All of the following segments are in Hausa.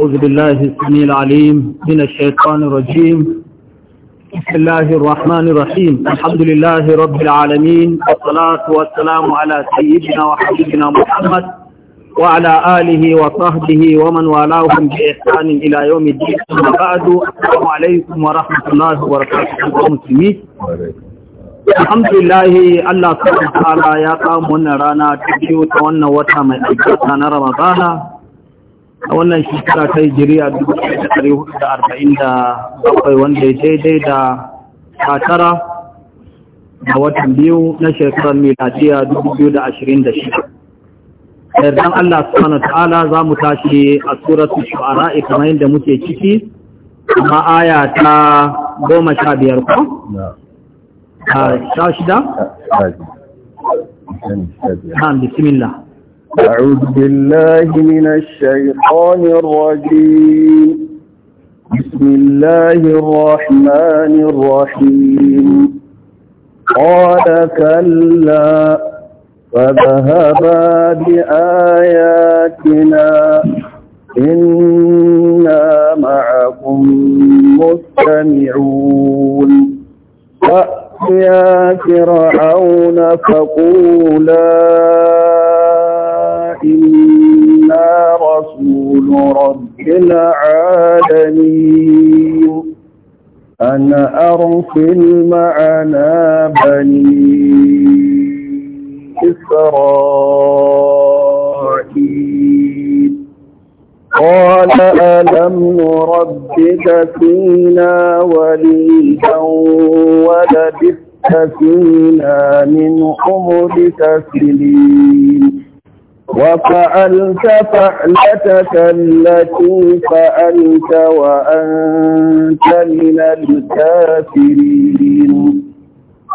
أعوذ بالله السميع العليم من الشيطان الرجيم بسم الله الرحمن الرحيم الحمد لله رب العالمين والصلاة والسلام على سيدنا وحبيبنا محمد وعلى آله وصحبه ومن والاهم بإحسان إلى يوم الدين أما بعد السلام عليكم ورحمة الله وبركاته المسلمين الحمد لله الله سبحانه وتعالى يا قوم ونرانا تجيو تونا biyu رمضان a wannan shekara ta hijiriya 1447 wanda ya daidai da tara da watan biyu na shekarar miladiya 2026 yardan Allah subhanahu ta'ala za mu tashi a suratul shu'ara kamar yadda muke ciki kuma aya ta goma sha biyar ko? a sha shida? bismillah أعوذ بالله من الشيطان الرجيم بسم الله الرحمن الرحيم قال كلا فذهبا بآياتنا إنا معكم مستمعون فأتيا فرعون فقولا وإنا رسول رب العالمين أن أرسل معنا بني إسرائيل قال ألم نربك فينا وليدا ولبثت فينا من عمرك سنين وفعلت فعلتك التي فعلت وأنت من الكافرين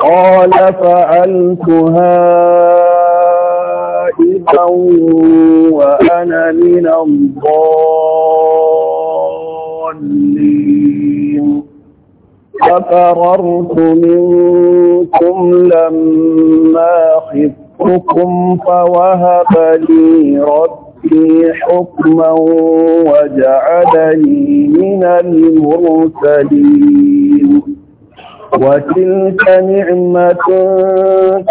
قال فعلتها إذا وأنا من الضالين ففررت منكم لما خفت ربكم فوهب لي ربي حكما وجعلني من المرسلين وتلك نعمة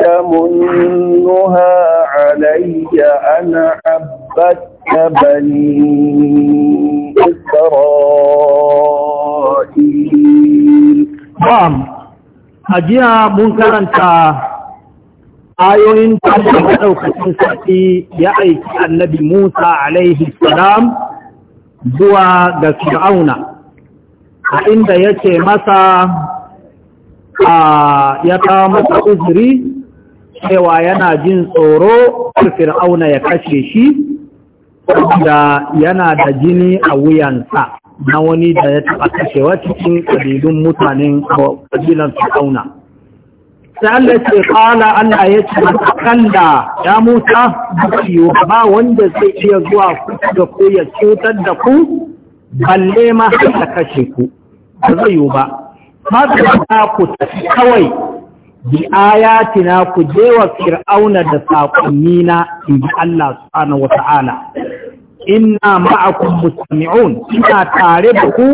تمنها علي أن عبدت بني إسرائيل نعم أجيء منكرا ayoyin ta ɗaukacin sarki ya aiki annabi Musa alaihi salam zuwa ga Fir'auna, a inda ya ce masa a ya kawo masa uzuri cewa yana jin tsoro Fir'auna ya kashe shi, da yana da jini a wuyansa na wani da ya taɓa kashewa cikin ƙabilun mutanen ƙabilan Fir'auna. sai Allah ce kala Allah ya ce kalla ya muta biyu ba wanda zai iya zuwa kusa da ku ya cutar da ku balle ma haka kashe ku ba zai yiwu ba haka ta ku tafi kawai bi ayatina ku je wa fir'auna da saƙonni na in ji Allah subhanahu wa ta'ala inna ma'akum mustami'un ina tare da ku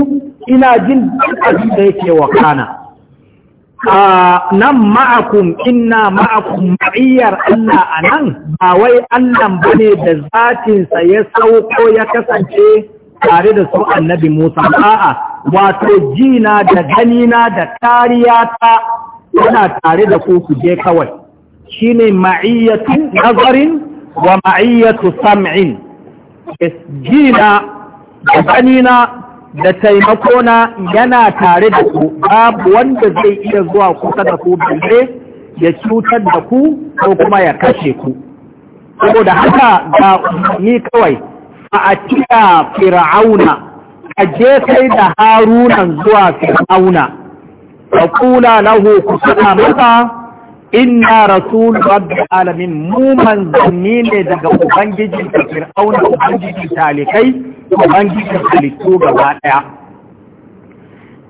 ina jin duk abin da yake wakana nan ma'akum inna ma'akum ma'iyyar Allah a nan ba wai Allah ba ne da zatinsa ya sauko ya kasance tare da su annabi Musa a'a wato jina da ganina da tariyata yana tare da ku ku je kawai shine ma'iyyatu nazarin wa ma'iyyatu sam'in jina da ganina da taimakona yana tare da ku babu wanda zai iya zuwa kusa da ku balle ya cutar da ku ko kuma ya kashe ku saboda haka ga ni kawai a cika fir'auna a je kai da harunan zuwa fir'auna wa kula lahu ku suna masa inna rasul rabbil alamin mu manzanni ne daga ubangijin fir'auna ubangiji talikai ubangijin halittu gaba ɗaya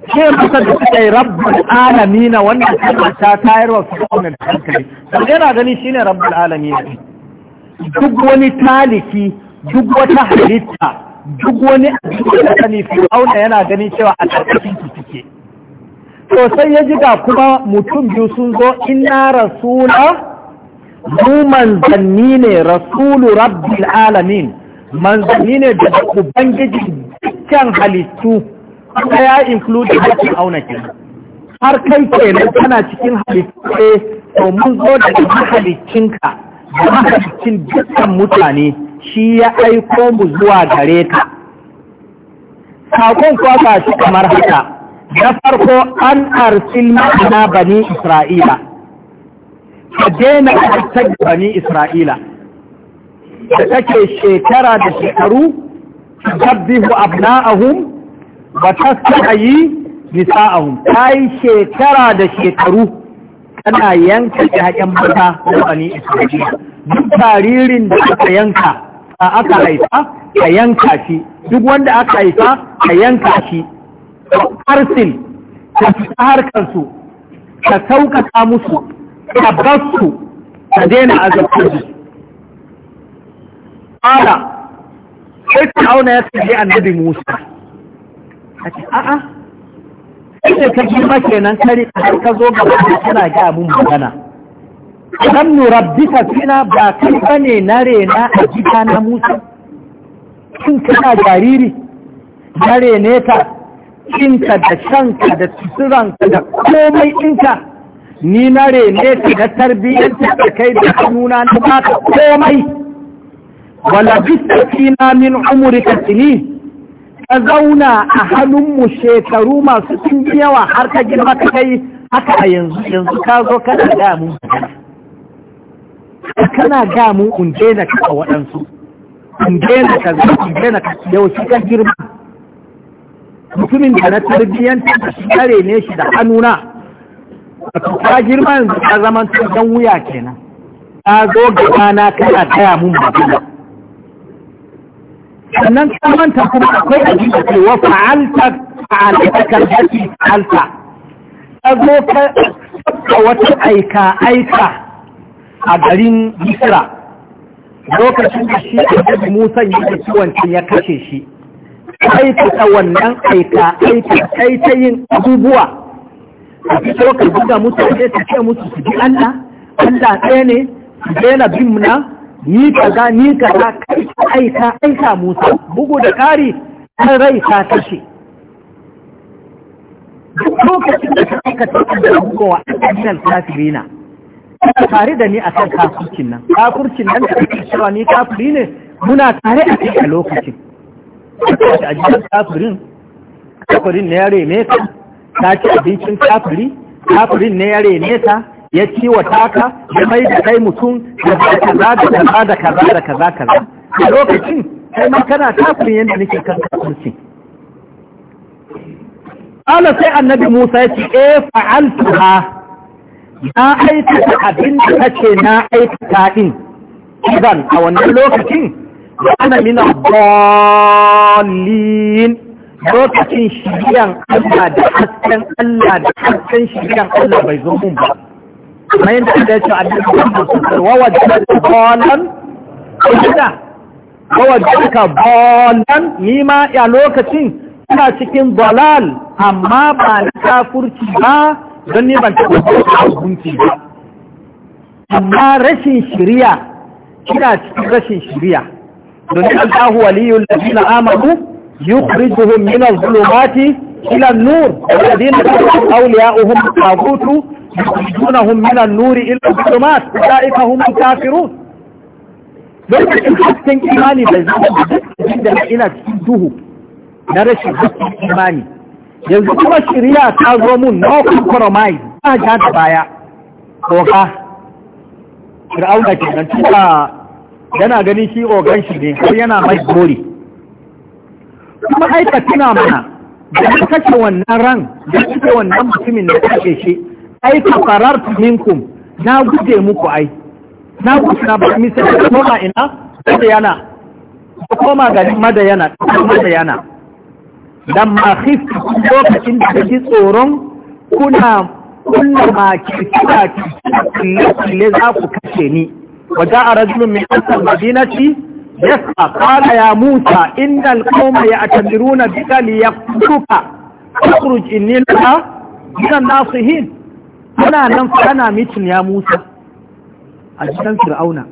Ke masa da suka yi rabbul alamina wannan kalma ta tayar wa fir'aunin hankali sau yana gani shi shine rabbul alamina duk wani taliki duk wata halitta duk wani abin da sani auna yana gani cewa a ƙarƙashin su suke to sai ya ji ga kuma mutum biyu sun zo inna rasula mu manzanni ne rasulu rabbil alamin manzanni ne da ubangiji kan halittu ta ya include haƙƙin auna ke har kai ke kenan kana cikin halittu eh, to mun zo da ka da mahalicin dukkan mutane shi ya aiko mu zuwa gare ka sakon kwasa shi kamar haka na farko an arsil ma'ana bani isra'ila ka daina a bani isra'ila da take shekara da shekaru tabbihu abna'ahum wa tasqayi nisa'ahum kai shekara da shekaru kana yanka hakan mata da bani Isra'ila duk taririn da aka yanka a aka haifa ka yanka shi duk wanda aka haifa a yanka shi arsil ka fita harkarsu ka sauƙaƙa musu ka basu ka daina azabtar su ƙala sai Fir'auna ya tsaye annabi Musa. A ce, a'a, sai ne ka ma kenan kare har ka zo ga da kana ga mun magana. Kan bisa fina ba kai bane na rena a gida na Musa. Kin kana jariri, na rene ta, cinka da shanka da suturanka da komai ɗinka ni na rene ta da tarbiyyar da kai da hannuna na baka komai. walabista fina min umurika sini ka zauna a hannunmu shekaru masu ɗin yawa har ka girma ka kai haka a yanzu yanzu ka zo kana gaya mu kana gaya mu in daina ka waɗansu in daina ka zo in daina ka yaushe ka girma mutumin da na tarbiyyanta da shi kare ne shi da hannuna ka girma yanzu ka zama dan wuya kenan ka zo gaba na kana gaya mun magana sannan ka ku kuma akwai a jiya ce wa fa'alta fa'altakar da ke fa'alta ta zo ka wata aika aika a garin misira lokacin da shi a musa yi da ciwancin ya kashe shi aikata wannan aika aika kai ta yin abubuwa a fito ka buga mutane ta ce musu su ji allah allah ɗaya ne su daina bin na ni kaza ni kaza kai ka aika aika musa bugu da ƙari kan rai ta kashe lokacin da ka aika ta da bugowa a kan kafirina tare da ni a kan kafircin nan Kafurcin nan da ake cewa ni kafiri ne muna tare a cikin lokacin a jikin kafirin kafirin na ya reme ta ci abincin kafiri kafirin na ya reme ya ciwata ka ya mai da kai mutum ya da kaza da kaza da kaza da kaza kaza a lokacin sai ma kana kafirin yadda nake kan kafirci Allah sai annabi Musa ya ce eh fa'altuha na aikata abin da kace na aikata din idan a wannan lokacin wa ana min dallin lokacin shiriyan Allah da hasken Allah da hasken shiriyan Allah bai zo mun ba kamar yadda aka yi cewa annabi Muhammad sallallahu alaihi wasallam qalan kida wawajjaka bolan ni ma ya lokacin ina cikin bolal amma ba na kafurci ba don ni ban taɓa hukunci ba amma rashin shirya ina cikin rashin shirya don Allahu waliyul ladina amadu yukhrijuhum min adh zulumati ila an-nur alladhina awliya'uhum taghut يخرجونهم من النور إلى الظلمات أولئك هم الكافرون لكن hasken imani bai zama da ina na rashin hasken imani yanzu kuma shirya ta zo mun na compromise oga yana gani shi ogan shi ne har yana mai gori kuma aika tuna mana da kashe wannan ran da ya kashe wannan mutumin da ya kashe shi ai ka farar ta minkum na guje muku ai na guje na ba mi sai ko ma ina da yana ko koma ga da yana ko da yana dan ma khif lokacin da kike tsoron kuna kullu ma kika kike ne za ku kace ni waja arajul min asal madinati yasa qala ya musa innal qawma ya'tamiruna bika liyaqtuka اخرج النيل من الناصحين ana nan ana mitin ya musa a cikin fir'auna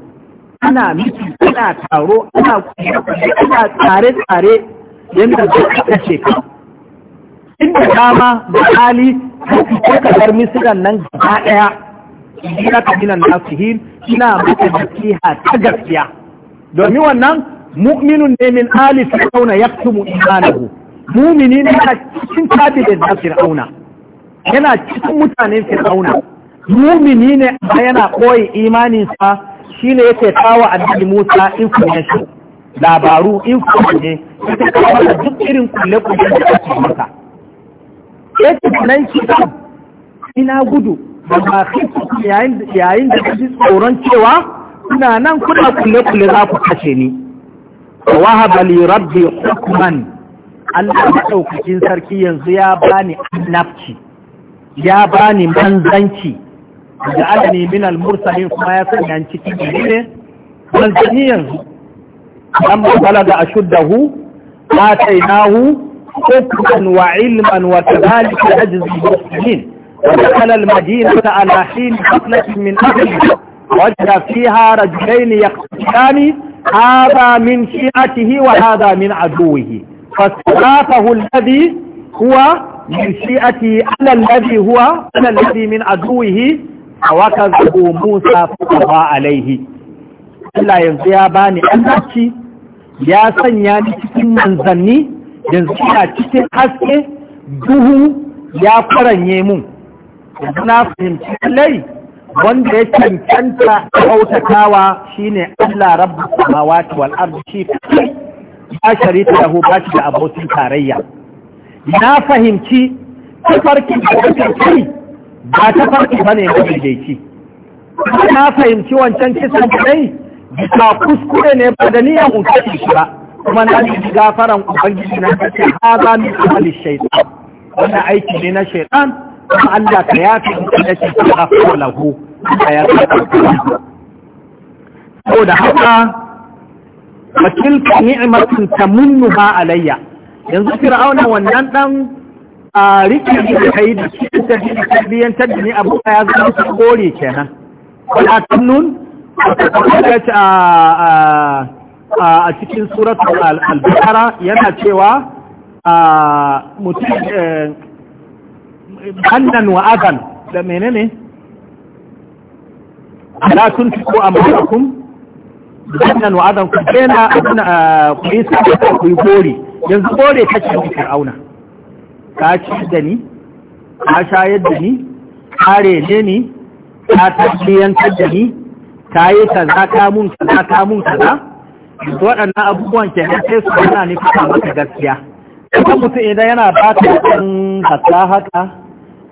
ana mitin ana taro ana ana tsare tsare yadda za ka kashe ka inda dama da hali ka fito ka bar misiran nan gaba daya na ka na nasihin ina ta gaskiya domin wannan mu'minun ne min ali fir'auna yaktumu imanahu mu'mini ne a cikin kabinet da fir'auna yana cikin mutanen fir'auna mumini ne ba yana koyi imaninsa shi ne yake kawo annabi Musa information labaru information ne yake kawo da duk irin kulle kulle da ake maka yake nan shi ina gudu da ba yayin yayin da kaji tsoron cewa ina nan kuna kulle kulle za ku kashe ni wa wahaba li rabbi hukman Allah maɗaukakin sarki yanzu ya bani annabci ya bani ni manzanci da ala ne kuma ya sanya ni cikin gari ne manzanni yanzu an ba bala da madinata ala hin hatlat min ahli wajda fiha rajulain yaqtani hadha min shi'atihi min shi'ati ana alladhi huwa ana alladhi min aduwihi awakazu Musa fa alaihi Allah yanzu ya bani annabci ya sanya ni cikin manzanni yanzu ina cikin haske duhu ya faranye mun yanzu na fahimci lallai wanda ya cancanta kautatawa shine Allah rabbus samawati wal ardi shi ya sharita lahu ba shi da abokin tarayya na fahimci tafarkin da wancan kai ba tafarki ba ne na daidaici na fahimci wancan kisan kai bisa kuskure ne ba da niyan mutane shi ba kuma na ji gafaran ubangiji na kace haza min amali shaytan wannan aiki ne na shaytan kuma Allah ka yafi da shi ka fara lahu ka yafi saboda haka wa tilka ni'matun tamunnuha alayya yanzu fir'auna wannan dan a rikin da kai da cikin tafiya ta da ni abu ya zama su kore kenan wani wala nun a cikin suratun al bukara yana cewa mutum hannan eh, wa adan da menene ala a amwalakum hannan wa adan ku kena eh, ku yi sa ku yi gori yanzu bore ka ce ni fir'auna ka ci da ni ka shayar da ni ka rene ni ka tabbiyantar da ni ka yi kaza ka mun kaza ka mun kaza waɗannan abubuwan ke nan sai su yana ne kuka maka gaskiya kuma mutum idan yana ba ta ɗan hasa haka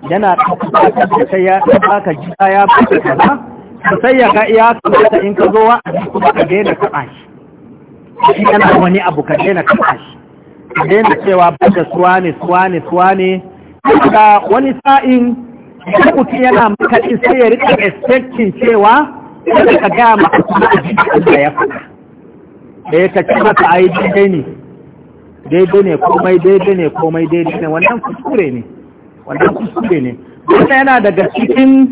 yana ɗaukar da kai ya ka gida ya baka kaza sai ya iya kamata in ka zo wa'azi kuma ka daina shi yana wani abu ka daina shi daina cewa suwa ne suwa ne da wani sa'in da mutum yana maka sai ya rika expecting cewa sai ka gaya ma a da ya faɗa da ya kaci masa a yi daidai ne daidai ne komai daidai ne komai daidai ne wannan kuskure ne wannan kuskure ne wannan yana daga cikin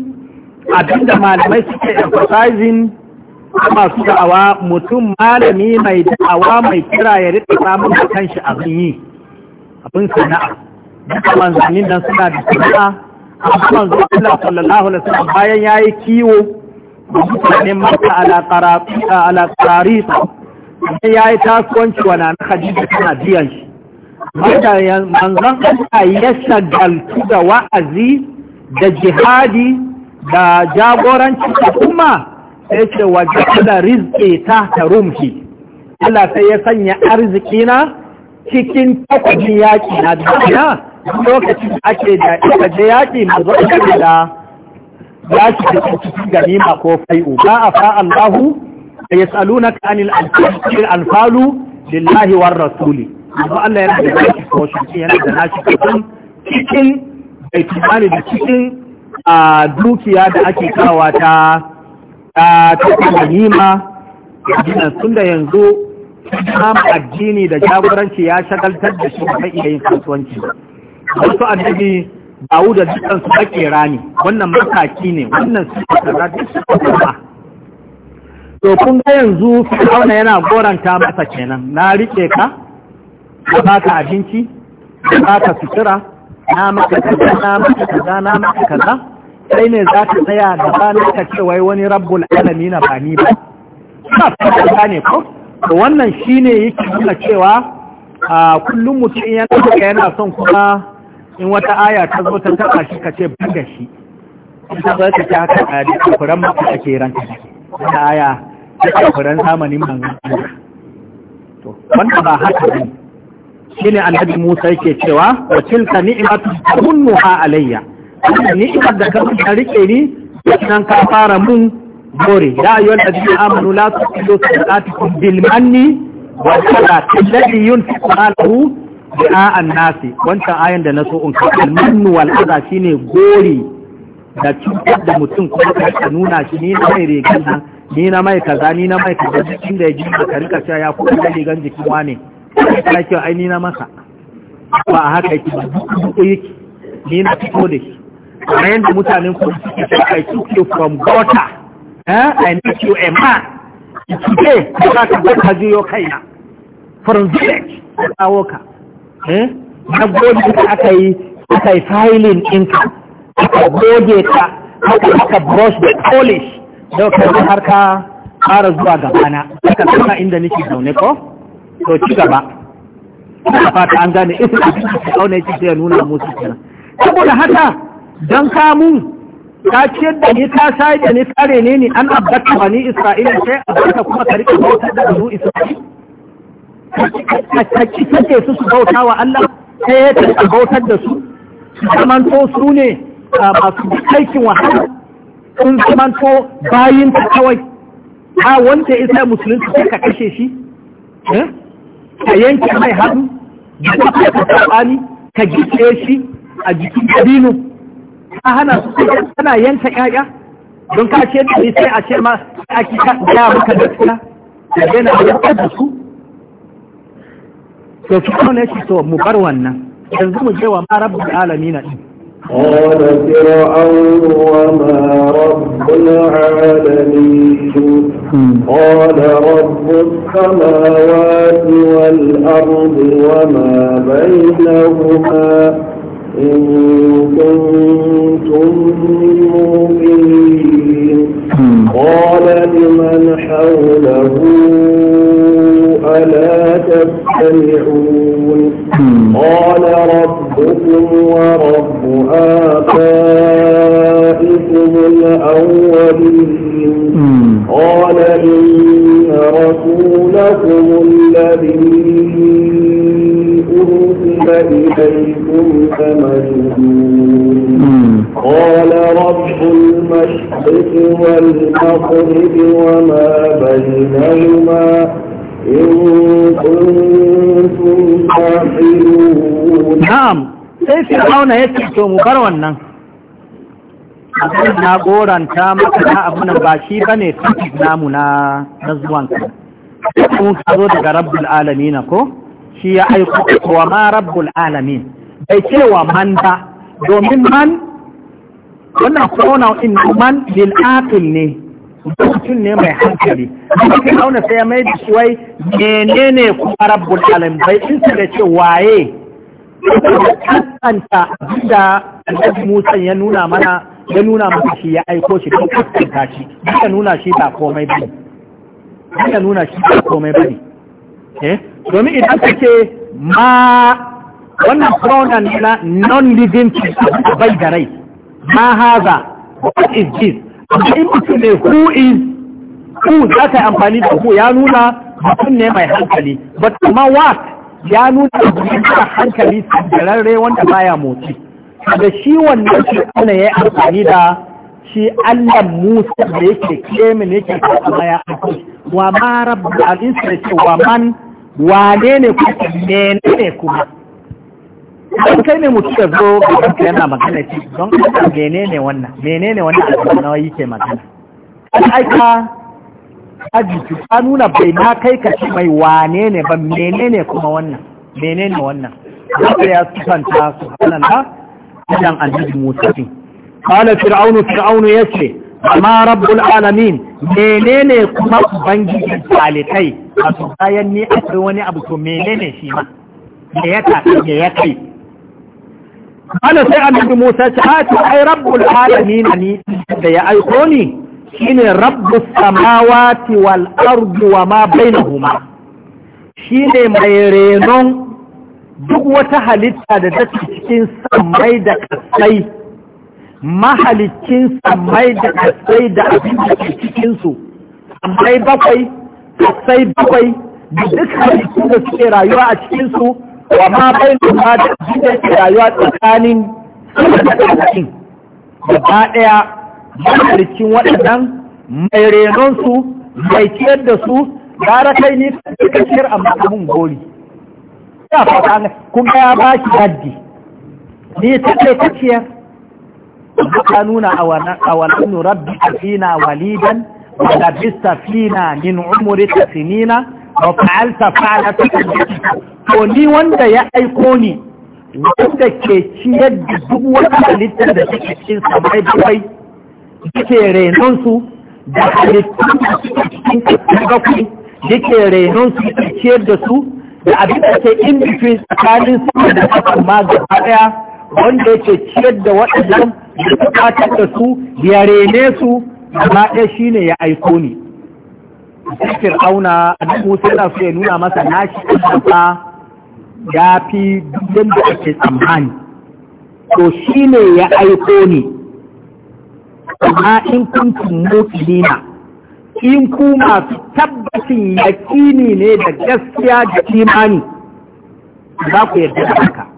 abinda malamai suke emphasizing masu da'awa mutum malami mai da'awa mai kira ya rika samun da kanshi abin yi abin sana'a duka manzannin nan suna da sana'a amma manzo Allah sallallahu alaihi wasallam bayan yayi kiwo mutanen maka ala qararita sai yayi tasuwanci wa na Khadija tana biyan shi wanda manzan Allah ya shagaltu da wa'azi da jihadi da jagoranci da kuma sai ce waje jihada rizki ta tarumhi Allah sai ya sanya arzikina cikin takwabin yaƙi na duniya lokacin ake da ikaje yaƙi na zuwa da ya ci cikin cikin ganima ko fai'u ba a fa’an lahu da ya tsalu na kanil alfalu lillahi war rasuli abu Allah yana da ko shi yana da nashi cikin cikin bai da cikin a dukiya da ake kawata ta a tafi nima addinin tun da yanzu samun addini da jagoranci ya shagaltar da shi ba iya yin kasuwanci wasu addini wu da dukkan su bakera ne wannan mataki ne wannan su da zaɗi su kuma to kun ga yanzu fir'auna yana goranta masa kenan na riƙe ka na baka abinci na baka sutura na maka kaza na maka kaza na maka kaza kai ne za ta tsaya da bana ta ce wai wani rabbul alami na ba ni ba ina ta ne ko to wannan ne yake nuna cewa a kullum mutum yana da yana son kuma in wata aya ta zo ta taba shi ka ce ban da shi ta zo ta haka a yadda kafuran mafi ake ranka wata aya ta kafuran zamanin manzon Allah to wanda ba haka ne Shi ne annabi Musa yake cewa wa tilka ni'matun tunnuha alayya Ni ni'imar da ka ka rike ni nan ka fara mun gore ya ayyuhal ladina amanu la tusilu sadaqatukum bil manni wa sala alladhi yunfiqu malahu bi'a an-nasi wancan ayan da na so in ka al-mannu wal adha shine gori da cutar da mutum kuma ka nuna shi ni na mai rigar nan ni na mai kaza ni na mai kaza jikin da ya ji ka rika cewa ya kuɗi da rigar jikin wane ya ce ai ni na masa ba a haka yake ba duk yake ni na fito da shi kamar yadda mutanen kuma suke sai I took from gota eh I need you a man today da za ka zaka jiyo kaina from village da kawo ka eh na gode ka aka yi aka yi filing ɗinka aka goge ka aka aka brush the polish da ka har ka fara zuwa gabana aka tsaka inda nake zaune ko to ci gaba ina fata an gane ita da suke auna ci sai ya nuna musu kenan saboda haka don kamu ka ciyar da ni ta sai da ni tsare ne ni an abbata bani isra'ila sai a kuma ka rika bautar da bani isra'ila ka ci take su su bauta wa Allah sai ya ta bautar da su su zamanto su ne ah, masu aikin wahala sun to bayin ta kawai ha wanda isa musulunci sai ka kashe shi eh? ka yanke mai hannu da ka fata ka gice shi a jikin dabino ka hana su kana yanka ƴaƴa don ka ce da sai a ce ma a kika ya maka gaskiya da daina yana da su to su kuma ne shi to mu bar wannan yanzu mu je wa ma rabbul alamin din قال فرعون وما رب العالمين قال رب السماوات والأرض وما بينهما إن كنتم مؤمنين قال لمن حوله ألا تستمعون قال ربكم ورب آبائكم الأولين قال إن رسولكم الذين Na'am, فمجدون قال رب sai fir'auna ya ce to mu bar wannan abin na goranta maka na abin ba shi bane tafi namu na na zuwanka mun ka zo daga rabbul na ko shi ya aiko wa ma rabbul alamin bai cewa man ba domin man wannan pronoun in man bil aqil ne mutum ne mai hankali amma kai auna sai mai da shi wai menene kuma rabbul alamin bai in sai da ce waye kaskanta da annabi Musa ya nuna mana ya nuna masa shi ya aiko shi don kaskanta shi ya nuna shi ba komai ba ya nuna shi ba komai bane eh domin idan kake ma wannan pronoun na non-living person bai da rai ma haza what is this amma in mutum ne who is who za ka yi amfani da who ya nuna mutum ne mai hankali but amma what ya nuna gudun da hankali sandararre wanda baya motsi da shi wannan shi ana ya amfani da shi Allah Musa da yake kemin yake kasa ya aiki wa ma rabbi al-insa wa man wane ne kuma mene ne kuma an kai ne mutu da zo ga ka yana magana ce don kasa mene ne wannan mene ne wannan kuma nawa yi ke magana an aika ajiki ta nuna bai na kai ka ce mai wane ne ba mene ne kuma wannan mene ne wannan zai ya sufanta su hannun da idan an jiji mutu Kala Fir'aunu Fir'aunu ya ce, Ama rabbul alamin menene kuma ubangijin talikai a su bayan ni akwai wani abu to menene shi ma me ya tafi me ya kai ana sai annabi Musa ce a ah, ce ai rabbul alamin ni da ya aiko ni shine rabbus samawati wal ardu wa ma bainahuma shine mai renon duk wata halitta da take cikin samai da kasai mahalicin samai da kasai da abin da ke cikinsu samai bakwai kasai bakwai da duk halittun da suke rayuwa a cikinsu wa ma bai nuna da abin da ke rayuwa tsakanin sama da ƙarƙashin gaba ɗaya mahalicin waɗannan mai renonsu mai ciyar da su gara kai ne ka ciyar a abin goli ya fata kuma ya ba shi haddi ni ta kai ka ciyar ka nuna a wannan rabbi fina walidan da bista fina min umri tasinina wa fa'alta fa'alata to ni wanda ya aiko ni wanda ke ciyar da duk wata halittar da take cikin samai bakwai yake renon su da halittar da suke cikin kasar bakwai yake renon su ciyar da su da abin da ke in between tsakanin su da kasar ma gaba daya wanda ce ciyar da waɗannan da buƙatar da su ya rene su gaba ɗaya ne ya aiko ni auna a duk Musa yana su ya nuna masa nashi Allah ya fi dukkan da ake tsammani to shi ne ya aiko ni amma in kuntum mu'minina in ku masu tabbacin yakini ne da gaskiya da imani za ku yarda da haka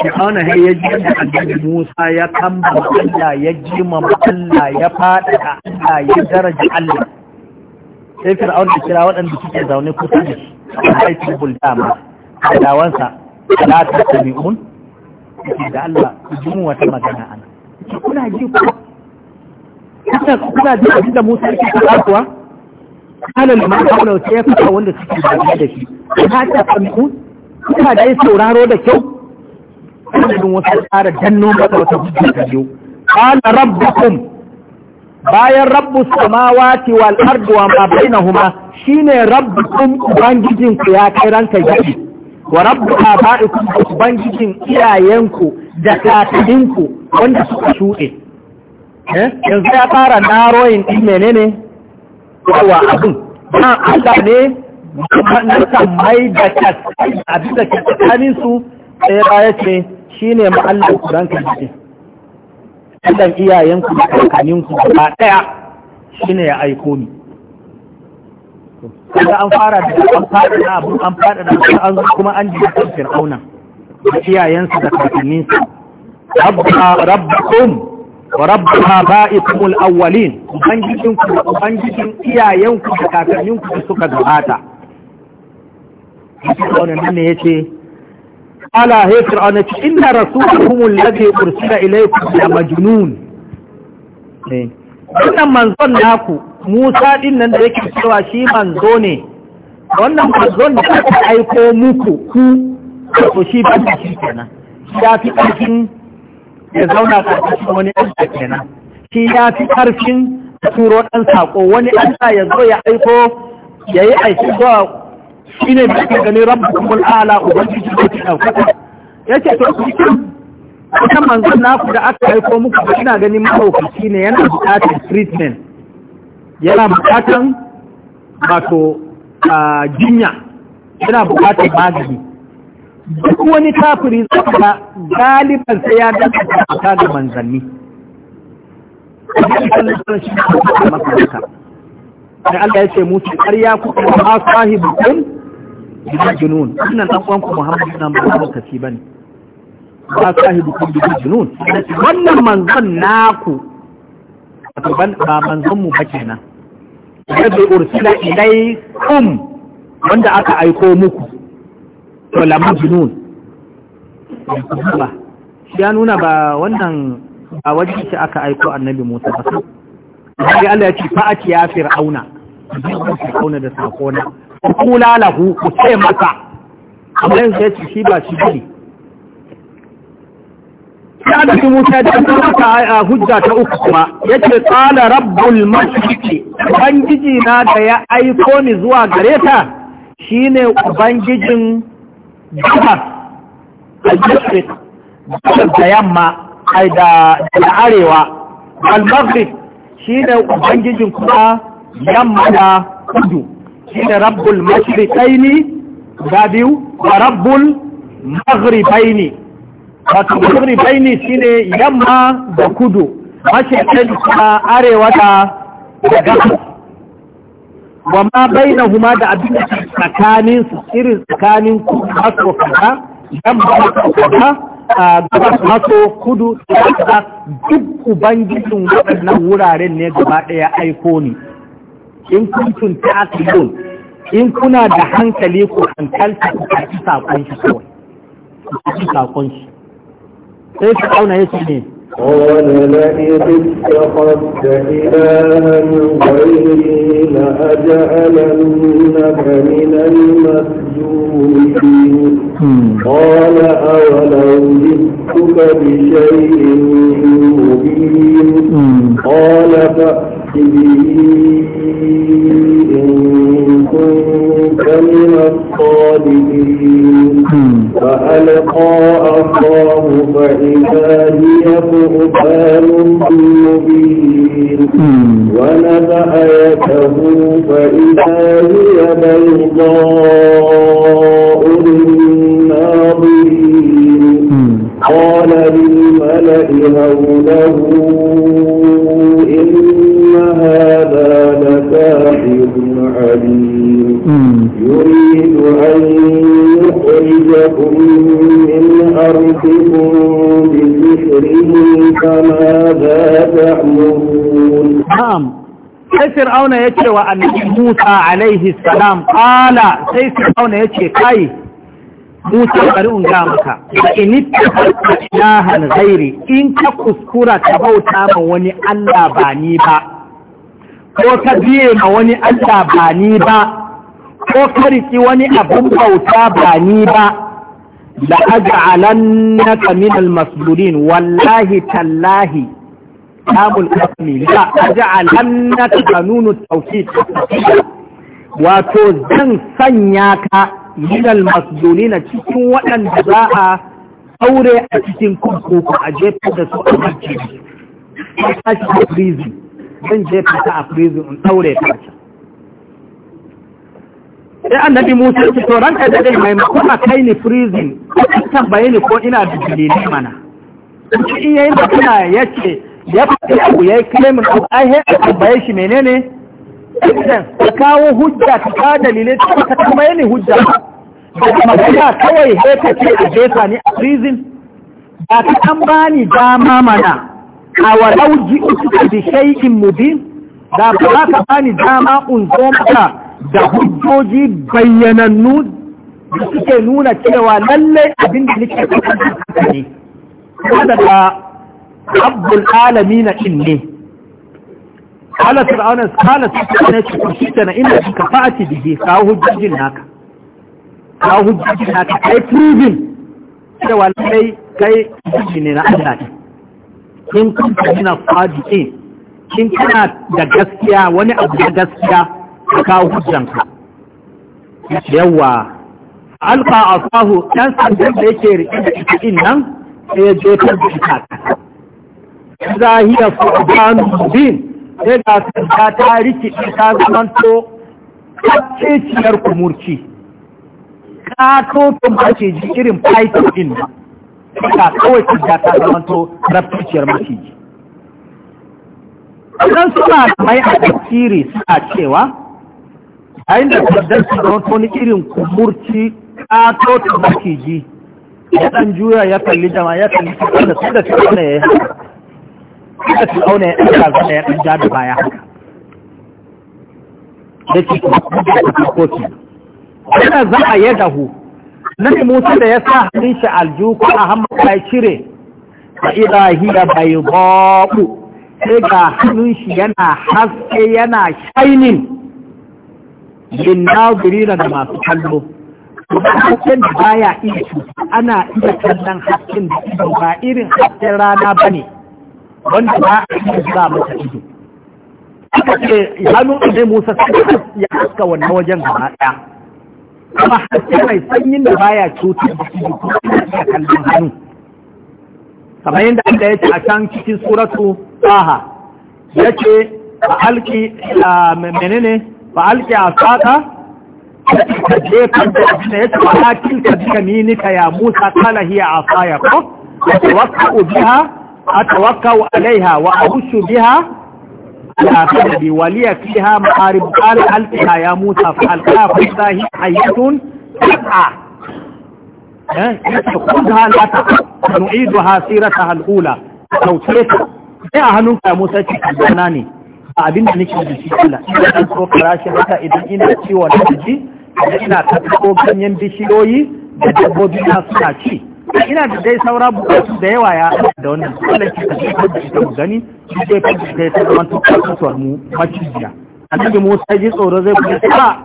Fir'auna har ya ji da annabi Musa ya kamba Allah ya ma Allah ya fada Allah ya daraja Allah sai Fir'auna ya kira waɗanda suke zaune kusa da shi a aikin buldama dawansa la ta tabi'un da Allah su ji mu wata magana ana kuna ji ku kuna ji abin da Musa yake faɗa kuwa kana da man haula sai ya faɗa wanda suke zaune da shi ta tabi'un kuna da sauraro da kyau adadin wasu tsara danno masa wata ta biyu qala rabbukum bayan rabbu samawati wal ardi wa ma bainahuma shine rabbukum ubangijin ku ya kai ranka gidi wa rabbu abaikum ubangijin iyayenku da ku wanda suka shuɗe eh, yanzu ya fara naroyin din menene wa abun ba Allah ne na mai da kasai a bisa su sai ya ce Shi ne ma'allar ku dan ɗan iyayenku da iyayen ku kakannin ku ba shine ya aiko ni kaga an fara da an fara da abu an fara da an kuma an ji kan fir'auna da iyayensa da kakanninsa rabbakum wa rabbaha ba'ikumul awwalin ubangijin ku da ubangijin iyayenku da kakannin ku suka gabata wannan ne yace قال هي فرعون إن رسولكم الذي أرسل ya يا مجنون wannan manzon naku Musa din nan da yake cewa shi manzo ne wannan manzon da aka aiko muku ku to shi ba shi kenan ya fi karfin ya zauna a karkashin wani ɗan kenan shi ya fi karfin turo ɗan saƙo wani ɗan ya zo ya aiko ya yi aiki zuwa shi ne da ake ganin rabu kuma ala ubangiji da ke ɗaukaka ya ce to ku kin kan manzon naku da aka aiko muku ba ina ganin mahaukaci ne yana buƙatar treatment yana buƙatar wato jinya yana buƙatar magani duk wani kafiri zaka galiban sai ya danganta ga manzanni da Allah ya ce mutu ƙarya kuka ba sahibukum bidin junun wannan dan uwanku Muhammad nan ba ku kaci bane ba sahibu kun bidin junun wannan manzon naku wato ban ba manzon mu ba kenan yadda ursila ilaikum wanda aka aiko muku to lamun junun ya nuna ba wannan a wajen shi aka aiko annabi Musa ba sai Allah ya ce fa'ati ya fir'auna fir'auna da sakona ku kula lahu ku ce masa amma sai ci shi ba shi bane ya da su musa da ta maka hujja ta uku kuma ya ce tsala rabbul mashriqi ubangiji na da ya aiko ni zuwa gare ta shine ubangijin gabas al-mashriq da yamma ai da arewa al-maghrib shine ubangijin kuma yamma da kudu shine rabbul mashriqaini guda biyu wa rabbul maghribaini wato maghribaini shine yamma da kudu mashriqaini kuma arewa da gabas wa ma huma da abin da tsakanin su irin tsakanin kudu maso kaza yamma maso kaza a gabas maso kudu da duk ubangijin waɗannan wuraren ne gaba ɗaya aiko ne in ta ta'qilun in kuna da hankali ku hankalta ku ci sakon shi kawai ku ci sakon shi sai fir'auna yace ne قال لئن اتخذت إلها غيري لأجعلنك من المسجونين قال أولو جئتك بشيء مبين قال فأت به إن كنت من الصادقين فألقى الله فإذا هي ضلال مبين ونبأ فإذا هي بيضاء للناظرين قال للملأ هوله إن هذا لساحر عليم يريد أن يخرجكم من أرضكم بسحره fir'auna ya ce wa annabi musa alaihi salam kala sai fir'auna ya ce kai musa bari in ga maka da initta ilahan ghairi in ka kuskura ka bauta ma wani allah ba ni ba ko ka biye ma wani allah ba ni ba ko ka riki wani abun bauta ba ni ba la'aj'alannaka min al-masdudin wallahi tallahi lamul kasmi la aj'al annaka qanunu tawkid wato zan sanya ka minal masdulina cikin waɗanda za a aure a cikin kurkuku a jefa da su a barci a tashi a prison zan jefa ta a prison in aure ta ce sai annabi musa ce to ranka da dai mai makona kai ni prison a tambaye ni ko ina da dalilai mana in yayin da ya ce? ya fi abu ya yi claimin abu a tambaye shi menene ka kawo hujja ka ka dalilai ka tambaye ni hujja ba daga magana kawai sai ce a jefa ni a prison ba ka an bani dama mana a walau ji uku bi shay'in mubin da ba za ka bani dama un zo maka da hujjoji bayyanannu da suke nuna cewa lallai abin da nake kasance ne rabbul alamina inni ala fir'auna qala sitana kushitana inna ka fati bihi ka hujjin naka ka hujjin naka kai proving cewa kai kai hujji ne na Allah ne in kunta fadi ɗin, kin kana da gaskiya wani abu da gaskiya ka kawo hujjanka yawa alfa asahu dan sandan da yake rike da ita nan sai ya jefar da ita za hiya fu'adanun din sai ga ta ta rikiɗi ta zamanto kaceciyar kumurci kato maciji irin python din ba ka kawai ta ta zamanto rafciyar maciji idan suna mai a tafsiri suna cewa a inda kardar su zamanto ni irin kumurci kato ta maciji ya ɗan juya ya kalli jama'a ya kalli da su da su ne ya yi suka su auna ya ɗan kaza ya ɗan ja da baya haka da ke kofi wannan za a yi dahu nan mutu da ya sa hannun shi alju ko a hammata ya cire a ilahiya bai baɓu. sai ga hannun shi yana haske yana shainin bin nazirina da masu kallo hasken da baya iya cuta ana iya kallon hasken da ba irin hasken rana ba ne wanda ba a yi sa masa ido aka ce nuna zai musa sai ya haska wannan wajen gaba ɗaya kuma haske mai sanyin da baya cutar da ido ko ya kallon hannu kamar yadda Allah ya ce a can cikin suratu Taha ya ce fa'alki menene alki a saka ka je da a da ya ce fa'alki ka ka ya musa kala hiya a saya ko wasu ubiha أتوقع عليها وأهش بها الأخذ ولي فيها محارب قال ألقها يا موسى فألقها فإذا هي حية تسعى لا تقع نعيدها سيرتها الأولى لو تريتها sai a hannunka musa ce kallana ne a abin da nake da shi Allah idan ko karashi haka idan ina ciwon jiki da ina ta ko ganyen bishiyoyi da dabbobi na suna ci ina da dai saura bukatu da yawa ya da wannan kwallon ki ko da ita mu gani shi zai fadi da ita zaman tukatuwar mu macijiya annabi musa ji tsoro zai kuma ta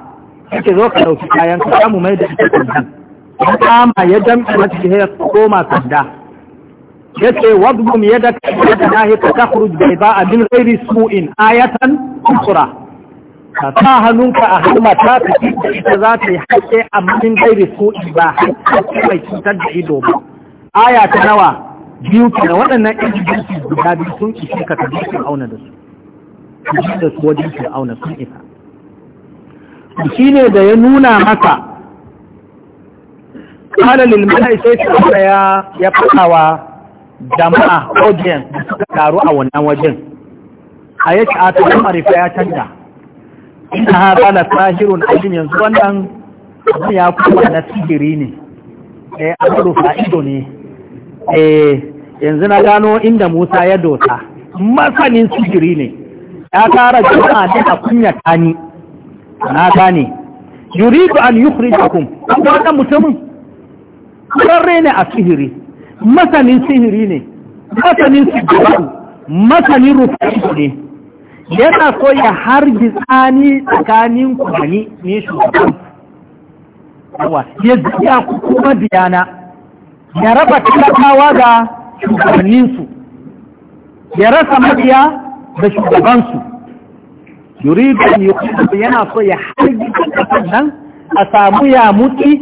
ke zo ka dauki kayan ka samu mai da ita kan ya kama ya damɗe mata ya koma sanda ya ce ta yadaka yadda nahi ka ba a bin rairi su'in ayatan kusura ka sa hannunka a halma ta fi da ita za ta yi haske a mutum bai in ba haske mai cutar da ido ba aya ta nawa biyu da waɗannan injibinsu guda biyu sun ishe ka ta jikin auna da su jikin da su wajen su auna sun isa shi ne da ya nuna masa kala lilmana sai shi ya ya faɗawa jama'a audience da suka taru a wannan wajen a yake a ta ya canja in ha la sahirun ajin yanzu wannan ya kuma na sihiri ne eh abu fa'ido ne eh yanzu na gano inda Musa ya dota masanin sihiri ne ya tara jama'a da a kunya tani na gane yuridu an yukhrijakum wannan mutumin kurarre ne a sihiri masanin sihiri ne masanin sihiri masanin rufa'ido ne yana so ya harbi tsani tsakanin ku da ni ne shugaban yawa ya zuya ku kuma biyana ya raba talakawa ga shugabanninsu ya rasa mabiya da shugabansu yuridu ne kuma yana so ya harbi tsakanin nan a samu ya mutu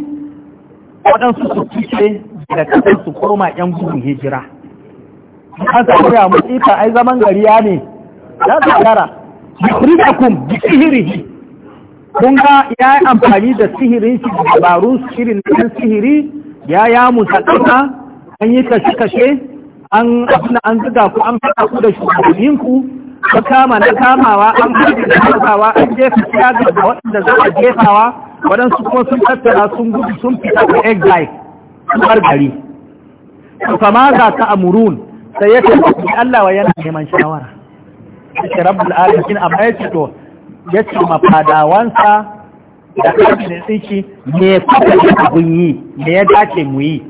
waɗansu su kice da kasan su koma yan gudun hijira an samu ya mutu, ka ai zaman gariya ne za su gyara yukridakum bi sihirihi kun ga ya yi amfani da sihirin shi da dabarun shirin ɗan sihiri ya ya ɗauka an yi kashe-kashe an abin an zuga ku an haɗa ku da shugabannin ta kama na kamawa an haɗa da kamawa an jefa ya ga waɗanda za a jefawa waɗansu kuma sun tattara sun gudu sun fita da exile kamar gari. ma za ta amurun sai ya tafi Allah wa yana neman shawara. yake rabbul a amma yake to yace mafadawansa da da tsiki me kuka yi abun yi me ya dace mu yi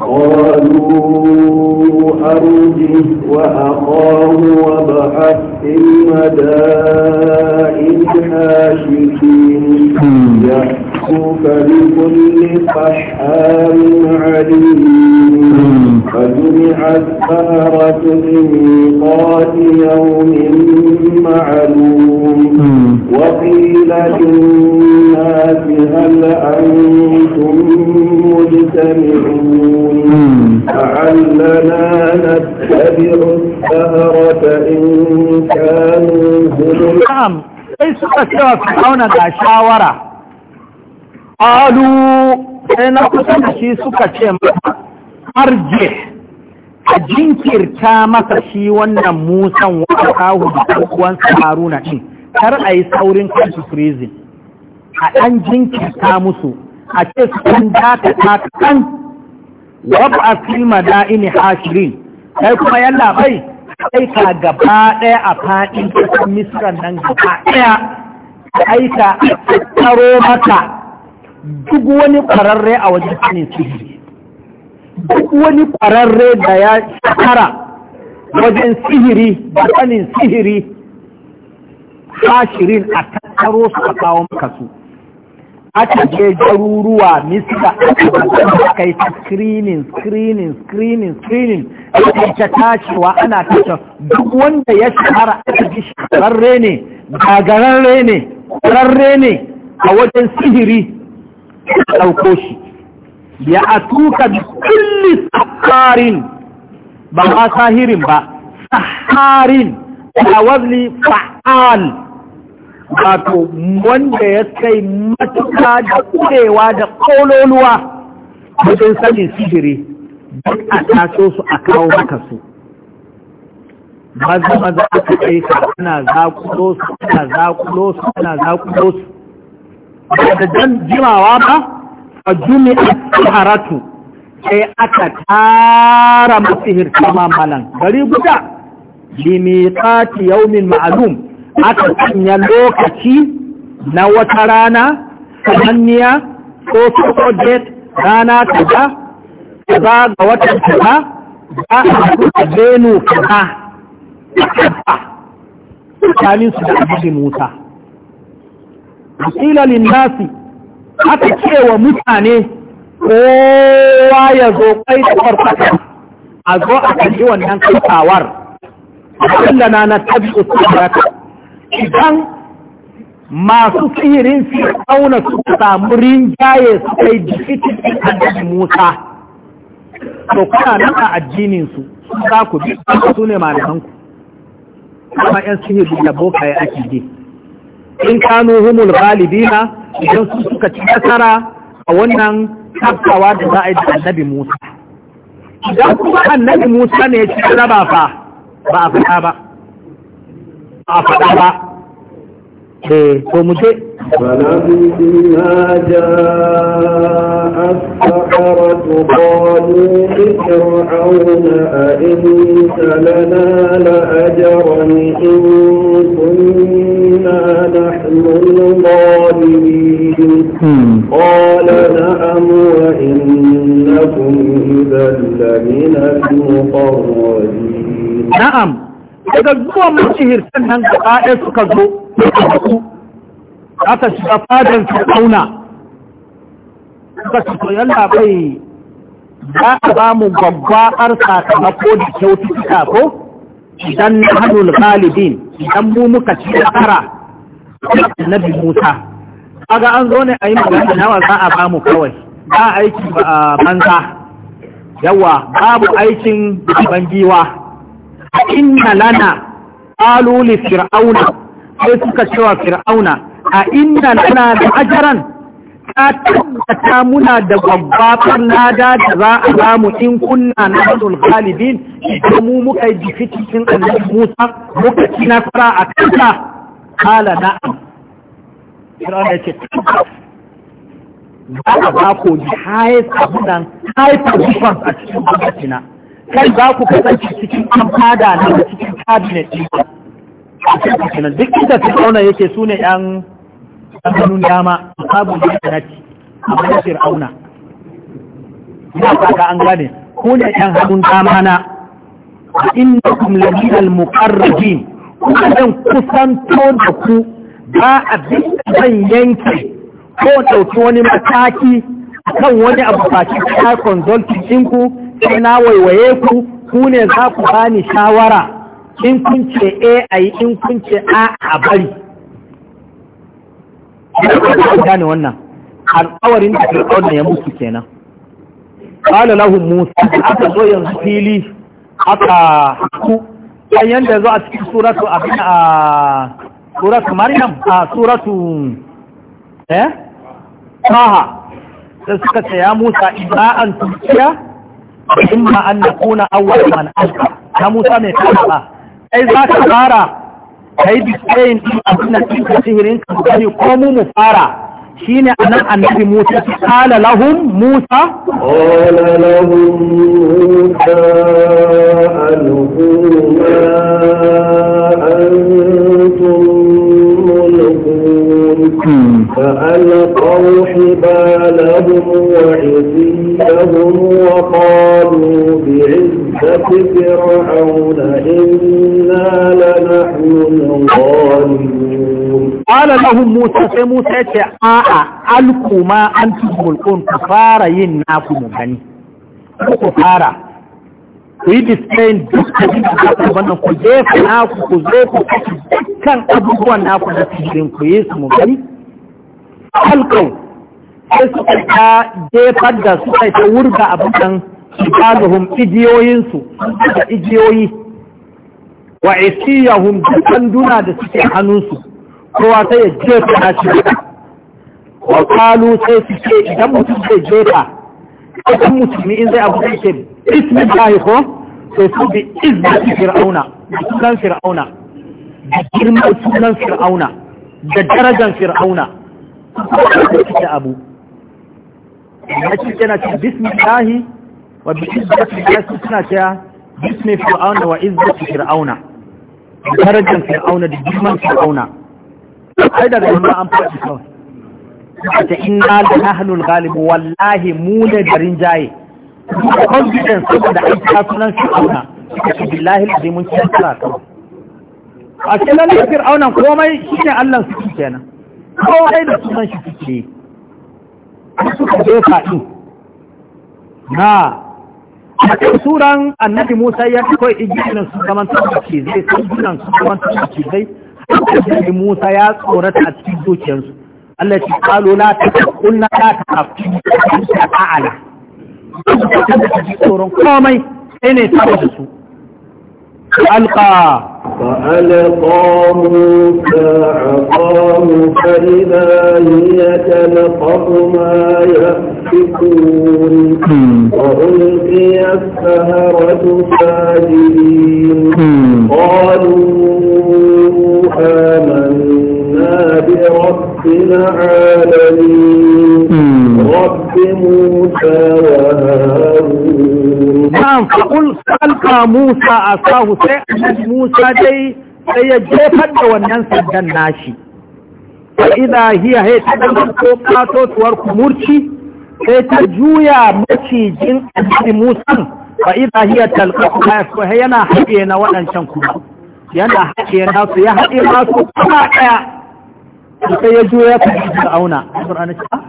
قالوا أرجه وأخاه وابعث في المدائن يأتوك صحاب عليم فجمع السهرة لميقات يوم معلوم وقيل للناس هل أنتم مجتمعون فعلنا نتبع السهرة إن كانوا هم نعم sai أسوأ cewa fir'auna ga ƙalu sai na kusa da shi suka ce harje arje a jinkirta masa shi wannan musan wata kawo da samaru na ɗin kar a yi saurin kansu prison a ɗan jinkirta musu a ce su ɗan ta kan wabu a filma da'ini hashirin sai kuma yalla bai aika gaba ɗaya a faɗin ƙasar misran nan gaba ɗaya aika a tsaro mata duk wani kwararre a wajen sanin sihiri duk wani kwararre da ya shakara wajen sihiri da sanin sihiri hashirin a tattaro su a tsawon kasu su aka je garuruwa misira aka yi ta screening screening screening screening aka ta tashiwa ana tasha duk wanda ya shahara a cikin shahararre ne gagararre ne kwararre ne a wajen sihiri ɗauko shi ya a tuka kulli saharin ba ma sahirin ba saharin a wazli fa'al wato wanda ya kai matuka da kurewa da kololuwa wajen sanin sigiri duk a taso su a kawo maka su maza maza aka kai ka ana zakulo su ana zakulo su ana zakulo su da dan jimawa ba a jumi'ar haratu sai aka tara masihir kama malan gari guda limikati yaumin ma'alum aka sanya lokaci na wata rana sananniya ko so rana rana kaza kaza ga watan kaza za a haɗu a benu kaza a kaza tsakaninsu da abin musa qila lin nasi aka ce wa mutane kowa ya zo kai da farfata a zo a kalli wannan kawar Allah na na tabi'u sirrata idan masu tsirin fir'auna su samu rinjaye su kai jikitin annabi Musa to kuna nan a addinin su za ku bi su ne malamanku kuma yan sihiri da bokaye ake in kanu humul galibina idan su suka ci nasara a wannan tafkawa da za a yi da annabi musa idan kuma annabi musa ne ya ci raba fa ba a ba a faɗa ba ko إيه، mu فلما جاء السحرة قالوا لفرعون أئنت لنا لأجرا إن كنا نحن الغالبين قال نعم وإنكم إذا لمن المقربين نعم daga zuwan mashihirtan nan da ɗaya suka zo aka shiga fadar fir'auna suka ce to yalla bai za a ba mu babbar sakamako da kyaututtuka ko idan na hannu galibin idan mu muka ci nasara annabi musa kaga an zo ne a yi magana nawa za a ba mu kawai ba aiki banza yawa babu aikin ban giwa inna lana qalu li fir'auna sai suka cewa fir'auna a inna lana da ajaran ka tabbata muna da gwabbatar lada da za a samu in kunna na hadul galibin idan mu muka yi cikin annabi Musa muka ci nasara a kanta kala na'am fir'auna ya ce za a ba ko highest abundan haifar positions a cikin gwamnatina kai za ku kasance cikin amfada na cikin cabinet ɗin duk inda su auna yake su ne yan hannun dama sabon da ya naci amma da auna. ina fata an gane ku ne yan hannun dama na innakum lamin al-muqarrabin kuma zan kusanto da ku ba abin zan yanke ko ɗauki wani mataki kan wani abu fashi ta consulting ɗinku sai na waiwaye ku ku ne za ku bani shawara in kun ce a a yi in kun ce a a bari gane wannan alƙawarin da ne ya mutu kenan qala lahum musa aka zo yanzu fili aka ku yadda ya zo a cikin suratu a abin a suratu maryam a suratu eh taha da suka ce ya musa ina an tukiya ma an kuna awwal man alqa ta musa mai ta ba ai za ka fara kai displayin ɗin abin da kike sihirin ka gani ko mu mu fara shine anan annabi Musa qala lahum Musa qala lahum Musa alhuma فألقوا حبالهم وعصيهم وقالوا بعزة فرعون إنا لنحن الغالبون قال لهم موسى موسى آآ ألقوا ما أنتم ملقون كفارا ينعكم هني كفارا yi displayin dukkanin abubuwan wannan ku jefa naku ku zo ku dukkan abubuwan naku da cikin ku yi su mu gani halkan sai suka ta jefar da suka ta wurga abudan shigagahum igiyoyinsu da igiyoyi wa isiyahum da kanduna da suke hannunsu kowa sai ya jefa na shi wa kalu sai su ce idan mutum zai jefa idan mutum in zai abu zai ce ismin ko sai su bi izmin fir'auna da fir'auna da girman sunan fir'auna da darajan fir'auna da abu yace yana ce bismillah wa bi izzati yasu suna ce bismi fir'auna wa izzati fir'auna darajar fir'auna da girman fir'auna sai daga wannan an fara faɗi kawai ta inna la nahnul ghalib wallahi mu ne da rinjaye confidence saboda ai ta sunan fir'auna ta billahi alazim mun kira kawai a cikin fir'auna komai shine Allah su kenan kawai da sunan shi a suka jefa na a cikin suran annabi musa ya kawai igiyanin su zaman tabbaci zai sun gina su zaman tabbaci zai annabi musa ya tsorata a cikin zuciyarsu Allah ce kalo la ta kunna ta ta ta'ala ta ji tsoron komai sai ne ta da su فألقى فألقى موسى عصاه فإذا هي تلقف ما يأفكون وألقي السهرة ساجدين قالوا آمنا برب العالمين رب موسى وهارون نعم فقل فألقى موسى عصاه سيحمد موسى دي سيجيفت وننسى الجناشي فإذا هي هي تدمر مرشي هي تجويا مرشي جن أجل موسى فإذا هي تلقف ما يسوى هي أنا حقينا وأنا شنكم yana haɗe سيحقينا سيحقينا haɗe nasu kuma ɗaya sai ya juya ya tafi fir'auna fir'auna ce ah,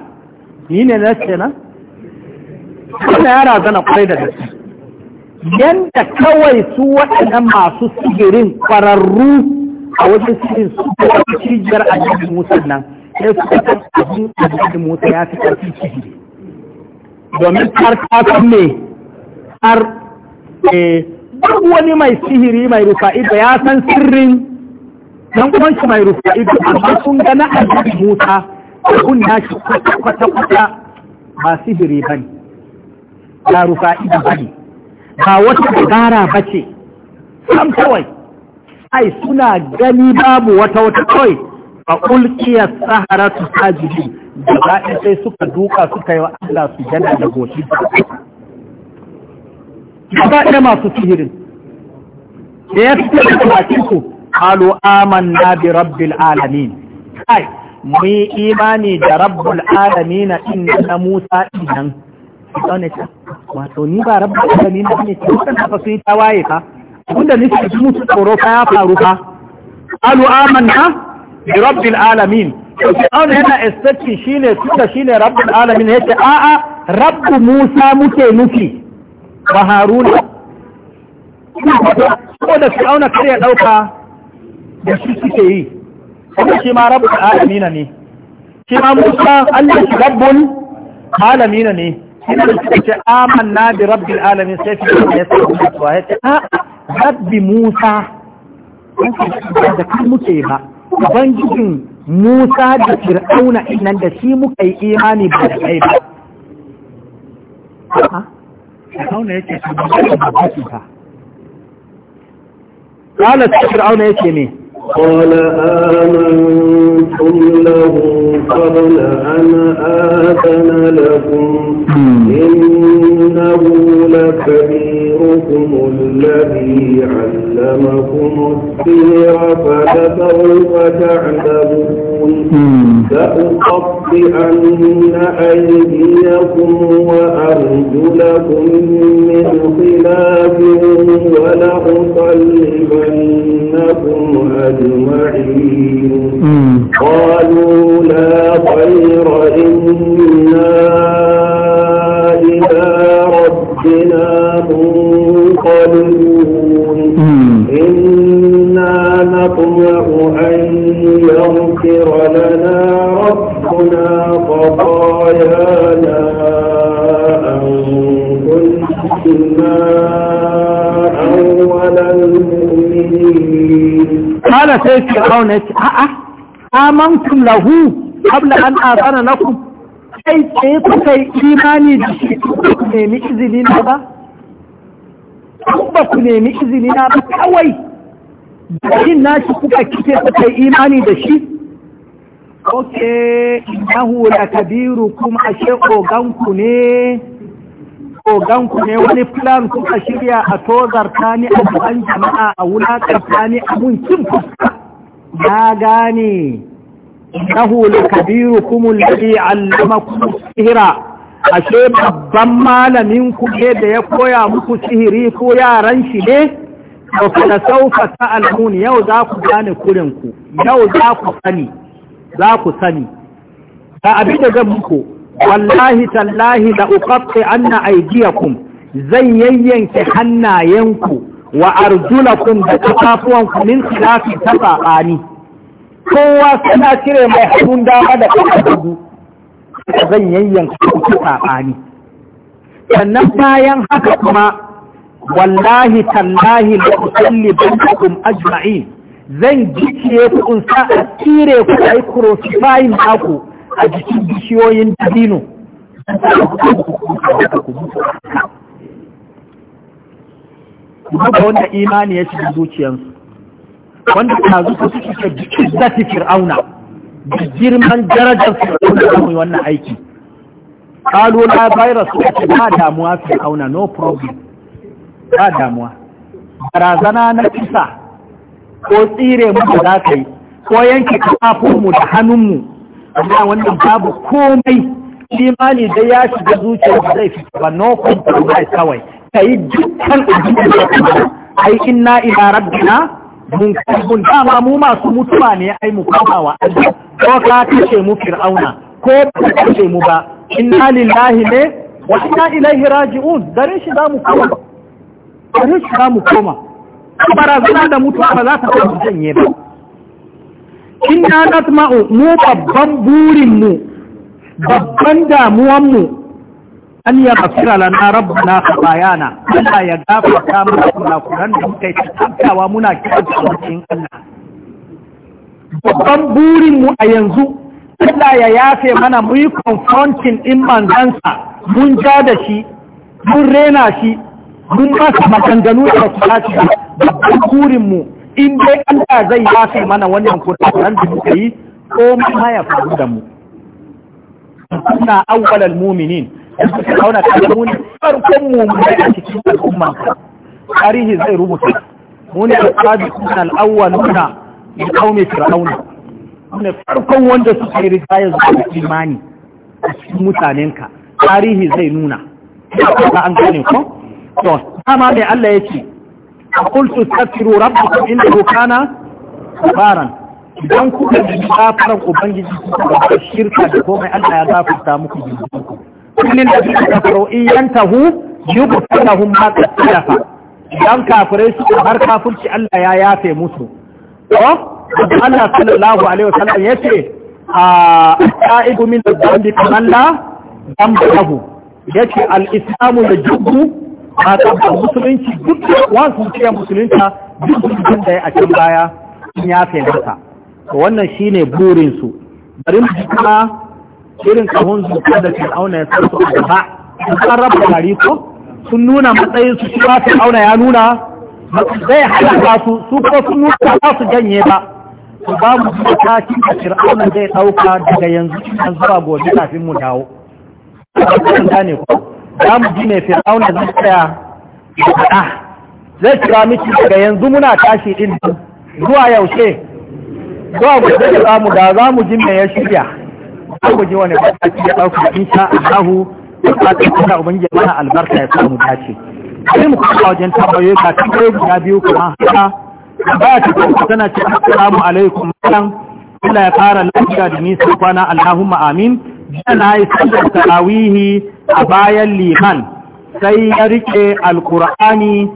ni ne na ce na wannan ya razana kwarai da gaske Yadda kawai su waɗannan masu sigirin kwararru a wajen sigirin su da cijiyar annabi musa nan sai su kasar abin annabi musa ya fi ƙarfi ciki domin har kasan ne har eh, duk wani mai sihiri mai rufa'i da ya san sirrin dan uwan shi mai rufa'i amma sun ga na annabi Musa kun na shi kwata kwata ba sihiri bane ba rufa'i da bane ba wata dabara bace sam kawai ai suna gani babu wata wata kawai a ulkiya saharatu sajidi da sai suka duka suka yi wa Allah su jana da goshi ba ɗaya masu sihirin da ya fi da ku qalu amanna bi rabbil alamin kai imani da rabbul alamin din na Musa idan wato ni ba rabbul alamin ne ce kan fa sun tawaye fa abinda ni su musu tsoro fa ya faru amanna bi rabbil alamin to sauna yana estati alamin a a'a rabbu Musa muke nufi wa Haruna su auna kar ya ɗauka da shi suke yi kuma shi ma da alamina ne shi ma Musa Allah shi rabbul alamina ne ina ma suka ce amanna bi rabbil alamin sai shi ya sa ya ce a rabbi Musa da kan muke ba ubangijin Musa da Fir'auna nan da shi muka yi imani ba da kai ba Fir'auna yake shi ba da ba. Kala Fir'auna yake ne قال آمنتم له قبل أن آذن لكم إنه لكبيركم الذي علمكم السير فلسوف فتعلمون لأقطعن أيديكم وأرجلكم من خلاف ولأصلبنكم أجمعين قالوا لا خير إنا إلى ربنا منقلبون نطمع أن يغفر لنا ربنا خطايانا أن كنا أول المؤمنين قال سيد فرعون أه، أه، آمنتم له قبل أن آذن لكم أي شيء kuka إيماني بشيء da shi ku nemi izini na ba? Ku ba ku bakin nashi kuka kike suka yi imani da shi ok innahu la kabiru kuma ashe oganku ne oganku ne wani plan kuka shirya a tozarta ni a gaban jama'a a wulakarta ni a munkin fuska na gane innahu la kabiru kuma alladhi allamakum sihira. ashe babban malamin ku da ya koya muku sihiri ko yaran shi ne da sauka ta almun yau za ku gane kurinku yau za ku sani za ku sani ta abi da zan muku wallahi tallahi da ukafe an anna ku. zan yayyanke hannayenku wa arjulakum da kafafuwanku min khilafi ta tsakani kowa suna cire mai hannun dama da kafa dubu zan yayyanke ku tsakani sannan bayan haka kuma wallahi tallahi la usalli bankum Ajma'i zan gicciye ku in sa a tire ku ai crucifying naku a jikin bishiyoyin dabino duka wanda imani ya shiga zuciyarsu wanda ta zuka suke ta jikin zafi fir'auna da girman darajar fir'auna da samun wannan aiki kalu na virus ta ce ba damuwa fir'auna no problem ba damuwa barazana na kisa ko tsire mu da za ka yi ko yanke kafafunmu da hannunmu amma wannan babu komai limani da ya shiga zuciyar da zai fita ba no compromise kawai ka yi dukkan abin da ya kamata ai inna ila rabbina mun kalbun dama mu masu mutuwa ne ai mu kama wa Allah ko ka kashe mu fir'auna ko ka kashe mu ba inna lillahi ne wa inna ilaihi raji'un dare shi za mu kawai bari shi za mu koma barazana da mutuwa ba za ta kai janye ba in na nasma'u mu babban burinmu babban damuwanmu an yi rafira lana rabbuna bayana Allah ya gafarta mana kuran da muka yi tsantawa muna kiran tsawancin Allah babban burinmu a yanzu Allah ya yafe mana mu yi confronting in manzansa mun ja da shi mun rena shi mun su maganganu da ba su dace babban burinmu in dai Allah zai fi mana wannan kurakuran da muka yi ko mun haya faru da mu kuna awwalal mu'minin in suka kauna da mun farkon mu a cikin al'umma tarihi zai rubuta muni da sabi kun al-awwaluna min mai fir'auna mun farkon wanda suka yi ya zuwa imani a cikin mutanenka tarihi zai nuna ba an gane ko to dama mai Allah ya ce a kultu tafiru rabbakum inda kana faran idan kuka ji gafaran ubangiji da shirka da komai Allah ya gafarta muku zunubanku kullin da da kafaro in yantahu yubtilahum ma qaddafa idan kafirai suka bar kafirci Allah ya yafe musu a Allah sallallahu alaihi wasallam yace a ta'ibu min yace al-islamu yajubbu mata da musulunci duk da wasu ce musulunta duk mutum da ya a can baya sun ya fahimta wannan shi ne burinsu bari mu kuma irin kahun zuka da auna ya san su a gaba sun raba gari ko sun nuna matsayin su shi wasu auna ya nuna zai halaka su su ko sun nuna ba su janye ba su ba mu da taki da fir'auna zai dauka daga yanzu an zuwa gobe kafin mu dawo. Ba za mu ji mai fir'auna zai tsaya da faɗa zai kira miki daga yanzu muna tashi din zuwa yaushe zuwa gobe da zamu da za mu ji mai ya shirya za mu ji wani mataki ya ɗauka sha Allahu ba ta kuma ubangiji mana albarka ya samu dace sai mu kuma wajen tambayoyi ka tambayoyi guda biyu kuma haka ba ta kuma tana ce assalamu alaikum malam Allah ya fara lafiya da nisan kwana Allahumma amin yana na yi sallar tarawihi a bayan liman sai ya rike alkur'ani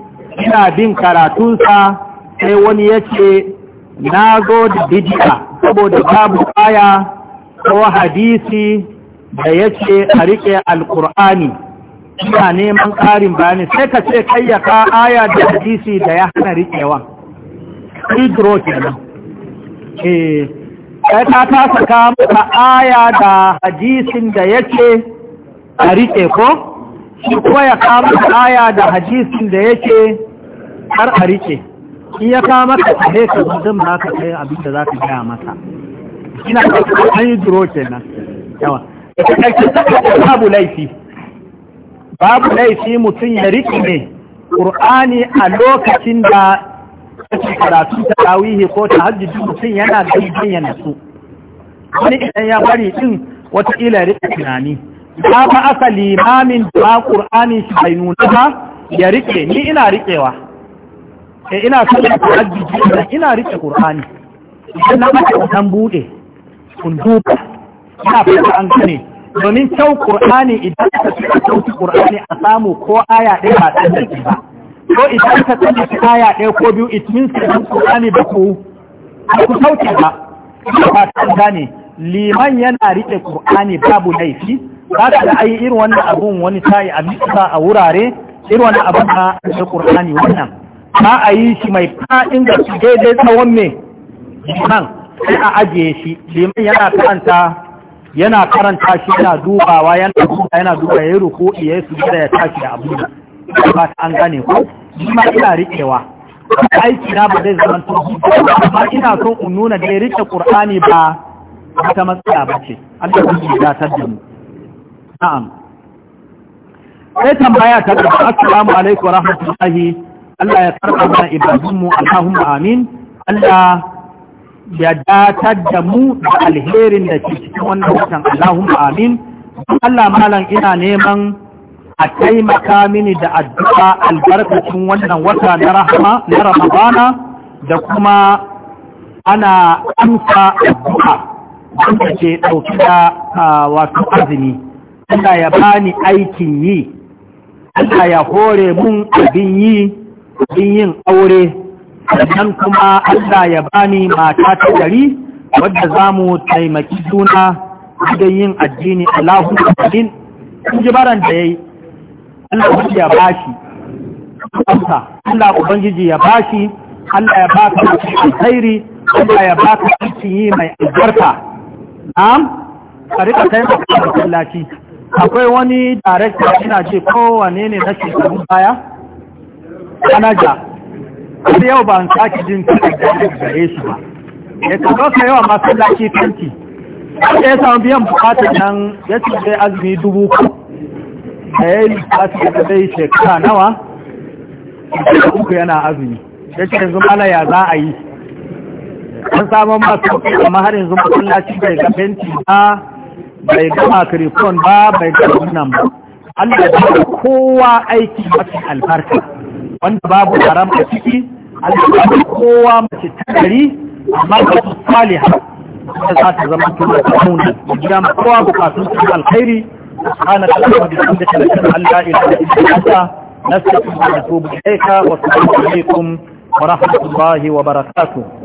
ina bin karatunsa sai wani ya ce na zo da bidiya saboda babu aya ko hadisi da ya ce a rike alkur'ani ina neman ƙarin bayani sai ka ce kayyaka aya da hadisi da ya hana rikewa hidro kenan eh ta ta saka maka aya da hadisin da yake a rike ko shi kuma ya kama da aya da hadisin da yake har a rike shi ya kama ka tsaye ka zuzun ba ka kai abin da za ka gaya masa ina da an yi duro kenan yawa da ta ƙarfi babu laifi babu laifi mutum ya rike ne ƙur'ani a lokacin da lokacin karatu ta tawihi ko ta hajjiji mutum yana gani bayyana su wani idan ya bari din wataƙila rika tunani ta fa aka limamin da ƙur'ani shi bai nuna ba ya rike ni ina rikewa e eh, ina so da hajjiji ina rike ƙur'ani idan na aka wutan bude kun duba ina fata an gane domin kyau ƙur'ani idan ka fi kyau ƙur'ani a samu ko aya ɗaya ba ɗan da ba ko idan ka tsaya kaya ɗaya ko biyu it means ka yi Qur'ani da ku ku sauke ba ba ta gane liman yana rike Qur'ani babu laifi ba ka da ai irin wannan abun wani tayi a misa a wurare irin wannan abun na da Qur'ani wannan ba a yi shi mai fa'in da su daidai tsawon me liman sai a ajiye shi liman yana karanta yana karanta shi yana dubawa yana duba yana duba ya yi ruku ya yi sujada ya tashi da abu ba ta an gane ko ma ina riƙewa aiki na ba zai zama to amma ina son in nuna da riƙe Qur'ani ba ta matsala ba ce Allah ya datar da mu na'am sai tambaya ta gaba assalamu alaikum wa rahmatullahi Allah ya karɓa mana ibadunmu Allahumma amin Allah ya datar da mu da alherin da ke cikin wannan watan Allahumma amin Allah malam ina neman a taimaka mini da addu'a albarkacin wannan wata na rahama na ramadana da kuma ana amsa addu'a wanda ke ɗauki da wasu azumi Allah ya bani aikin yi Allah ya hore mun abin yi abin yin aure sannan kuma Allah ya bani mata ta gari wadda za mu taimaki juna wajen yin addini Allahun amin in ji baran da yi. Allah ubangiji ya bashi amsa Allah ubangiji ya bashi Allah ya baka alkhairi Allah ya baka aiki mai albarka na'am tarika kai taimaka da masallaci akwai wani director ina ce kowane ne na shekaru baya Kanaja. har yau ba an sake jin takardar gare shi ba ya taɓa ka yawa masallaci kanti ya samu biyan bukatar nan ya ce zai azumi dubu ku da ya yi fasi da zai shekara nawa da uku yana azumi ya ce yanzu ya za a yi an samun masu amma har yanzu masallaci bai ga fenti ba bai ga makarifon ba bai ga wannan ba Allah ya kowa aiki mafi albarka wanda babu haram a ciki Allah ya kowa mace ta gari amma ba su saliha da za ta zama tuna da tuna da gida kowa bukatun su alkhairi سبحانك اللهم وبحمدك نشهد ان لا اله الا انت نستغفرك ونتوب اليك والسلام عليكم ورحمه الله وبركاته